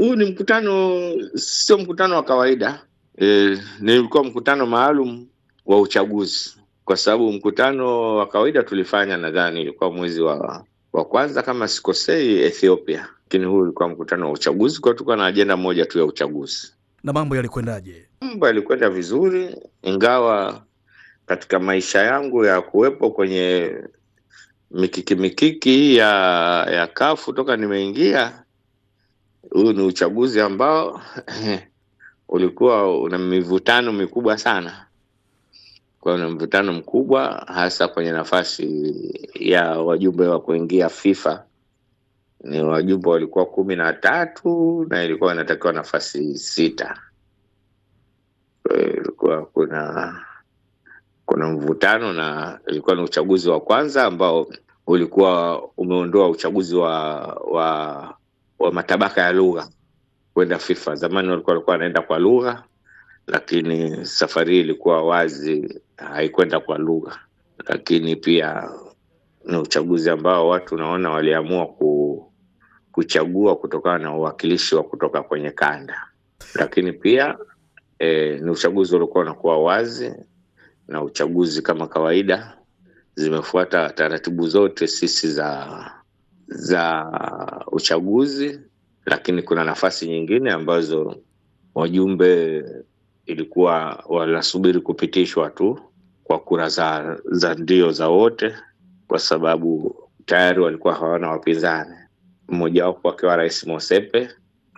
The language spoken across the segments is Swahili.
Huu ni mkutano, sio mkutano wa kawaida e, nilikuwa mkutano maalum wa uchaguzi, kwa sababu mkutano wa kawaida tulifanya nadhani ilikuwa mwezi wa wa kwanza kama sikosei, Ethiopia, lakini huu ulikuwa mkutano wa uchaguzi, kwa tulikuwa na ajenda moja tu ya uchaguzi. Na mambo yalikwendaje? Mambo yalikwenda vizuri, ingawa katika maisha yangu ya kuwepo kwenye mikiki mikiki ya ya kafu toka nimeingia huu ni uchaguzi ambao ulikuwa una mivutano mikubwa sana, kwa na mvutano mkubwa hasa kwenye nafasi ya wajumbe wa kuingia FIFA. Ni wajumbe walikuwa kumi na tatu na ilikuwa inatakiwa nafasi sita. Ilikuwa kuna kuna mvutano na ilikuwa ni uchaguzi wa kwanza ambao ulikuwa umeondoa uchaguzi wa wa wa matabaka ya lugha kwenda FIFA. Zamani walikuwa walikuwa wanaenda kwa lugha, lakini safari hii ilikuwa wazi haikwenda kwa lugha. Lakini pia ni uchaguzi ambao watu naona waliamua ku, kuchagua kutokana na uwakilishi wa kutoka kwenye kanda, lakini pia e, ni uchaguzi uliokuwa unakuwa wazi na uchaguzi kama kawaida zimefuata taratibu zote sisi za za uchaguzi, lakini kuna nafasi nyingine ambazo wajumbe ilikuwa wanasubiri kupitishwa tu kwa kura za, za ndio za wote, kwa sababu tayari walikuwa hawana wapinzani, mmojawapo akiwa Rais Mosepe,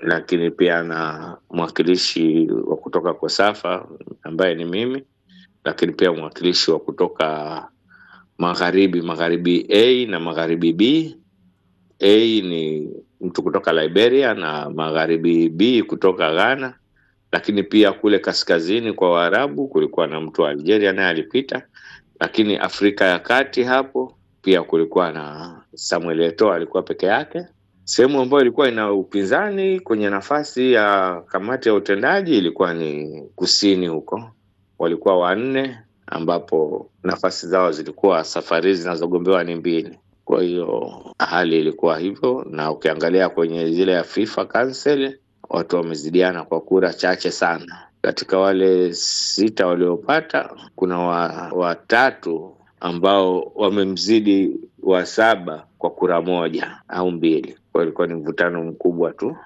lakini pia na mwakilishi wa kutoka Kosafa ambaye ni mimi, lakini pia mwakilishi wa kutoka magharibi magharibi A na magharibi B A ni mtu kutoka Liberia na magharibi B kutoka Ghana, lakini pia kule kaskazini kwa Waarabu kulikuwa na mtu wa Algeria naye alipita, lakini Afrika ya kati hapo pia kulikuwa na Samuel Eto'o alikuwa peke yake. Sehemu ambayo ilikuwa ina upinzani kwenye nafasi ya kamati ya utendaji ilikuwa ni kusini huko, walikuwa wanne, ambapo nafasi zao zilikuwa safari zinazogombewa ni mbili. Kwa hiyo hali ilikuwa hivyo, na ukiangalia kwenye zile ya FIFA Council watu wamezidiana kwa kura chache sana. Katika wale sita waliopata kuna watatu wa ambao wamemzidi wa saba kwa kura moja au mbili. Kwa ilikuwa ni mvutano mkubwa tu,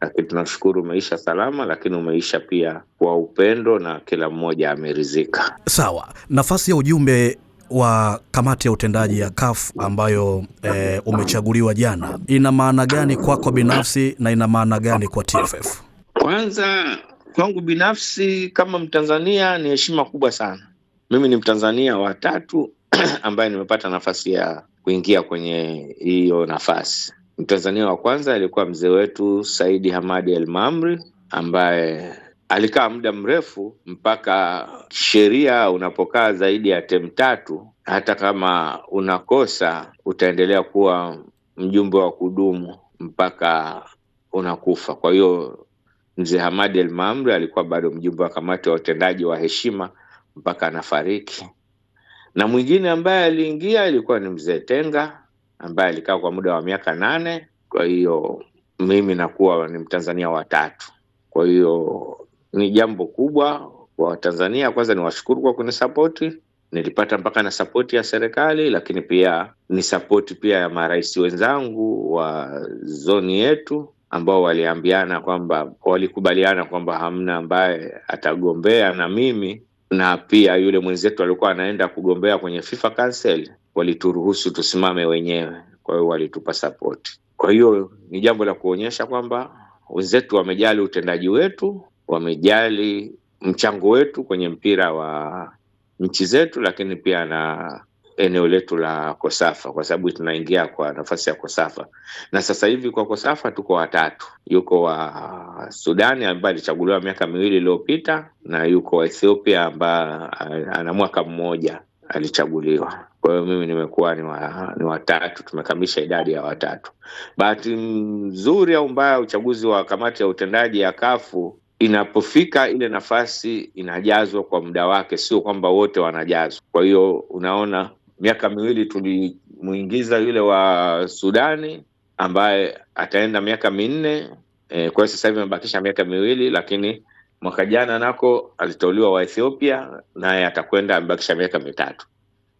lakini tunashukuru umeisha salama, lakini umeisha pia kwa upendo na kila mmoja ameridhika. Sawa, nafasi ya ujumbe wa kamati ya utendaji ya CAF ambayo e, umechaguliwa jana, ina maana gani kwako binafsi na ina maana gani kwa TFF? Kwanza kwangu binafsi kama Mtanzania ni heshima kubwa sana. Mimi ni Mtanzania wa tatu ambaye nimepata nafasi ya kuingia kwenye hiyo nafasi. Mtanzania wa kwanza alikuwa mzee wetu Saidi Hamadi elmamri ambaye alikaa muda mrefu mpaka sheria, unapokaa zaidi ya temu tatu, hata kama unakosa utaendelea kuwa mjumbe wa kudumu mpaka unakufa. Kwa hiyo mzee hamad El Mamri alikuwa bado mjumbe wa kamati ya utendaji wa heshima mpaka anafariki, na mwingine ambaye aliingia ilikuwa ni mzee Tenga ambaye alikaa kwa muda wa miaka nane. Kwa hiyo mimi nakuwa ni Mtanzania watatu. Kwa hiyo ni jambo kubwa kwa Watanzania. Kwanza ni washukuru kwa kunisapoti, nilipata mpaka na sapoti ya serikali, lakini pia ni sapoti pia ya marais wenzangu wa zoni yetu ambao waliambiana kwamba walikubaliana kwamba hamna ambaye atagombea na mimi na pia yule mwenzetu alikuwa anaenda kugombea kwenye FIFA Council, walituruhusu tusimame wenyewe, kwa hiyo walitupa sapoti. Kwa hiyo ni jambo la kuonyesha kwamba wenzetu wamejali utendaji wetu wamejali mchango wetu kwenye mpira wa nchi zetu, lakini pia na eneo letu la Kosafa kwa sababu tunaingia kwa nafasi ya Kosafa na sasa hivi kwa Kosafa tuko watatu. Yuko wa Sudani ambaye alichaguliwa miaka miwili iliyopita na yuko wa Ethiopia ambaye ana mwaka mmoja alichaguliwa. Kwa hiyo mimi nimekuwa ni, wa, ni watatu, tumekamilisha idadi ya watatu. Bahati nzuri au mbaya, uchaguzi wa kamati ya utendaji ya Kafu inapofika ile nafasi inajazwa kwa muda wake, sio kwamba wote wanajazwa. Kwa hiyo unaona, miaka miwili tulimuingiza yule wa Sudani ambaye ataenda miaka minne e, kwa hiyo sasa hivi amebakisha miaka miwili, lakini mwaka jana nako aliteuliwa wa Ethiopia naye atakwenda amebakisha miaka mitatu.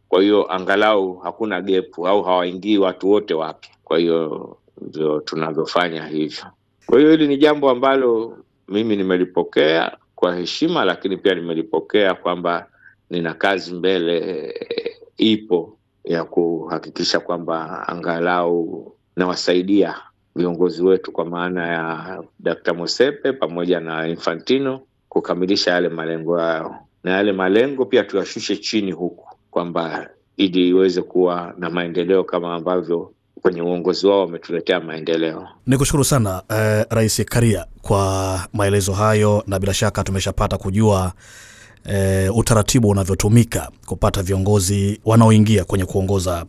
Kwa hiyo angalau hakuna gepu au hawaingii watu wote wapya. Kwa hiyo ndio tunavyofanya hivyo. Kwa hiyo hili ni jambo ambalo mimi nimelipokea kwa heshima, lakini pia nimelipokea kwamba nina kazi mbele eh, ipo ya kuhakikisha kwamba angalau nawasaidia viongozi wetu kwa maana ya Dkt. Mosepe pamoja na Infantino kukamilisha yale malengo yao, na yale malengo pia tuyashushe chini huku kwamba ili iweze kuwa na maendeleo kama ambavyo kwenye uongozi wao wametuletea maendeleo. Ni kushukuru sana eh, Rais Karia kwa maelezo hayo, na bila shaka tumeshapata kujua eh, utaratibu unavyotumika kupata viongozi wanaoingia kwenye kuongoza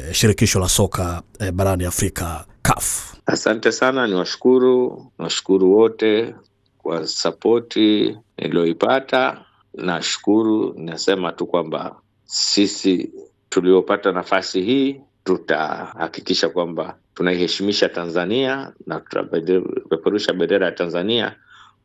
eh, shirikisho la soka eh, barani Afrika CAF. Asante sana, niwashukuru niwashukuru wote kwa sapoti niliyoipata. Nashukuru, nasema tu kwamba sisi tuliopata nafasi hii tutahakikisha kwamba tunaiheshimisha Tanzania na tutapeperusha bendera ya Tanzania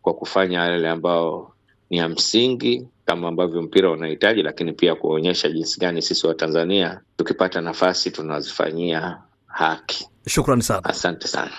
kwa kufanya yale ambayo ni ya msingi kama ambavyo mpira unahitaji, lakini pia kuonyesha jinsi gani sisi wa Tanzania tukipata nafasi tunazifanyia haki. Shukrani sana, asante sana.